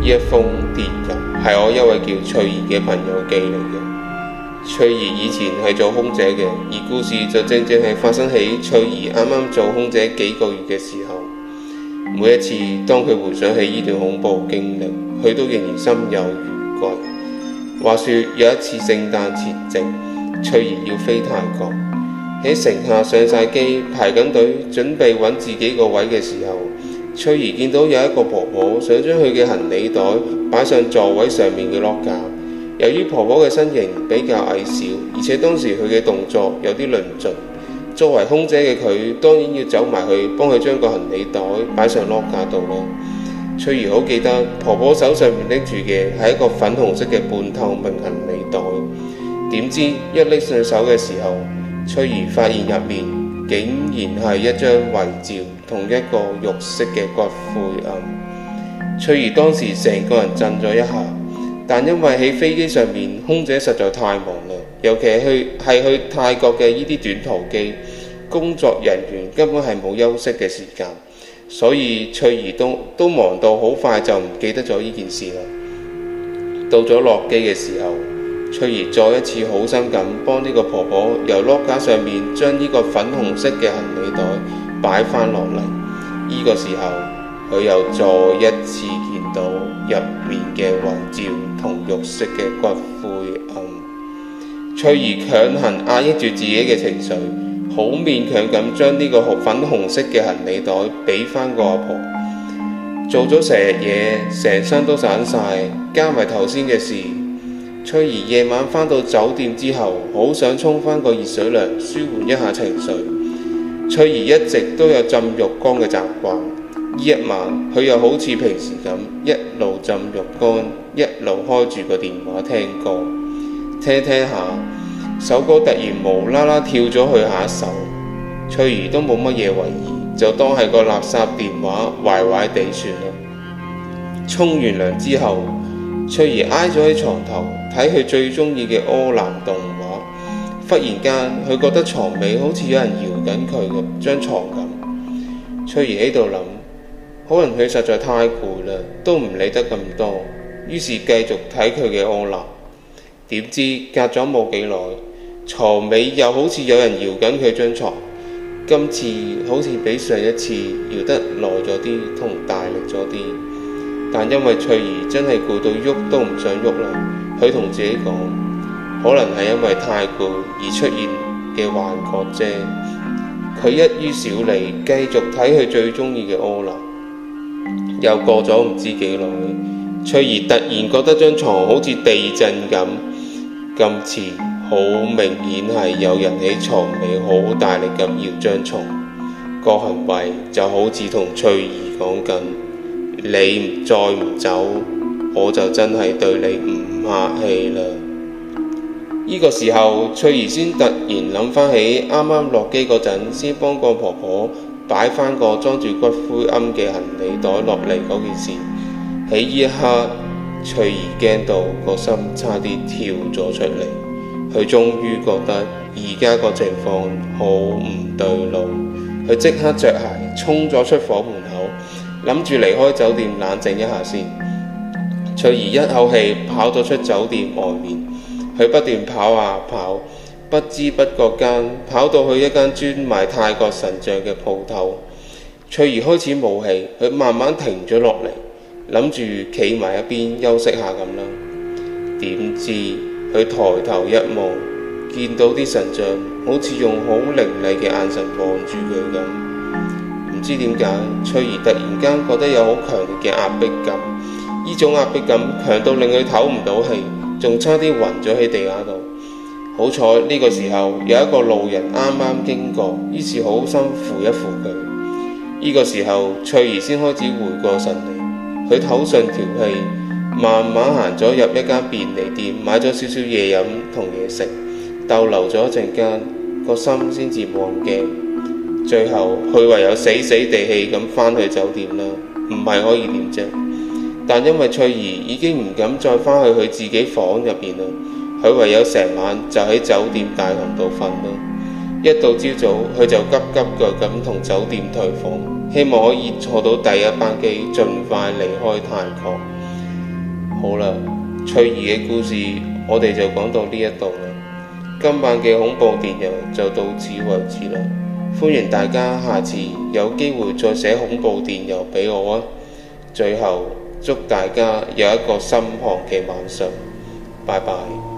呢一封電郵係我一位叫翠兒嘅朋友寄嚟嘅。翠兒以前係做空姐嘅，而故事就正正係發生喺翠兒啱啱做空姐幾個月嘅時候。每一次當佢回想起呢段恐怖經歷，佢都仍然心有餘悸。話說有一次聖誕前夕，翠兒要飛泰國，喺乘客上晒機排緊隊，準備揾自己個位嘅時候。翠兒見到有一個婆婆想將佢嘅行李袋擺上座位上面嘅落架，由於婆婆嘅身形比較矮小，而且當時佢嘅動作有啲論盡，作為空姐嘅佢當然要走埋去幫佢將個行李袋擺上落架度咯。翠兒好記得婆婆手上面拎住嘅係一個粉紅色嘅半透明行李袋，點知一拎上手嘅時候，翠兒發現入面，竟然係一張遺照，同一個肉色嘅骨灰龕、嗯。翠兒當時成個人震咗一下，但因為喺飛機上面空姐實在太忙啦，尤其係去係去泰國嘅呢啲短途機，工作人員根本係冇休息嘅時間，所以翠兒都都忙到好快就唔記得咗呢件事啦。到咗落機嘅時候。翠兒再一次好心咁幫呢個婆婆由碌架上面將呢個粉紅色嘅行李袋擺翻落嚟。呢個時候佢又再一次見到入面嘅遺照同肉色嘅骨灰。暗翠兒強行壓抑住自己嘅情緒，好勉強咁將呢個粉紅色嘅行李袋俾翻個阿婆。做咗成日嘢，成身都散晒，加埋頭先嘅事。翠兒夜晚返到酒店之後，好想衝翻個熱水涼，舒緩一下情緒。翠兒一直都有浸浴缸嘅習慣，呢一晚佢又好似平時咁，一路浸浴缸，一路開住個電話聽歌，聽聽下，首歌突然無啦啦跳咗去下一首。翠兒都冇乜嘢為意，就當係個垃圾電話壞壞地算啦。衝完涼之後。翠兒挨咗喺床頭睇佢最中意嘅柯南動畫，忽然間佢覺得床尾好似有人搖緊佢嘅張床咁。翠兒喺度諗，可能佢實在太攰啦，都唔理得咁多，於是繼續睇佢嘅柯南。點知隔咗冇幾耐，床尾又好似有人搖緊佢張床。今次好似比上一次搖得耐咗啲，同大力咗啲。但因為翠兒真係攰到喐都唔想喐啦，佢同自己講：可能係因為太攰而出現嘅幻覺啫。佢一於小莉繼續睇佢最中意嘅柯林。又過咗唔知幾耐，翠兒突然覺得張床好似地震咁，今次好明顯係有人喺床尾好大力咁搖張床。個行為就好似同翠兒講緊。你再唔走，我就真係對你唔客氣啦！呢個時候，翠兒先突然諗翻起啱啱落機嗰陣，先幫個婆婆擺翻個裝住骨灰龕嘅行李袋落嚟件事。喺呢一刻，翠兒驚到個心差啲跳咗出嚟，佢終於覺得而家個情況好唔對路，佢即刻着鞋衝咗出房門。諗住離開酒店冷靜一下先，翠兒一口氣跑咗出酒店外面，佢不斷跑啊跑，不知不覺間跑到去一間專賣泰國神像嘅鋪頭。翠兒開始冇氣，佢慢慢停咗落嚟，諗住企埋一邊休息下咁啦。點知佢抬頭一望，見到啲神像好似用好凌厲嘅眼神望住佢咁。唔知點解翠兒突然間覺得有好強烈嘅壓迫感。呢種壓迫感強到令佢唞唔到氣，仲差啲暈咗喺地下度。好彩呢個時候有一個路人啱啱經過，於是好心扶一扶佢。呢個時候翠兒先開始回過神嚟，佢唞上條氣，慢慢行咗入一間便利店，買咗少少嘢飲同嘢食，逗留咗一陣間，個心先至忘記。最後佢唯有死死地氣咁返去酒店啦，唔係可以點啫？但因為翠兒已經唔敢再返去佢自己房入邊啦，佢唯有成晚就喺酒店大堂度瞓啦。一到朝早，佢就急急腳咁同酒店退房，希望可以坐到第一班機，盡快離開泰國。好啦，翠兒嘅故事我哋就講到呢一度啦，今晚嘅恐怖電影就到此為止啦。歡迎大家下次有機會再寫恐怖電郵俾我啊！最後祝大家有一個心寒嘅晚上，拜拜。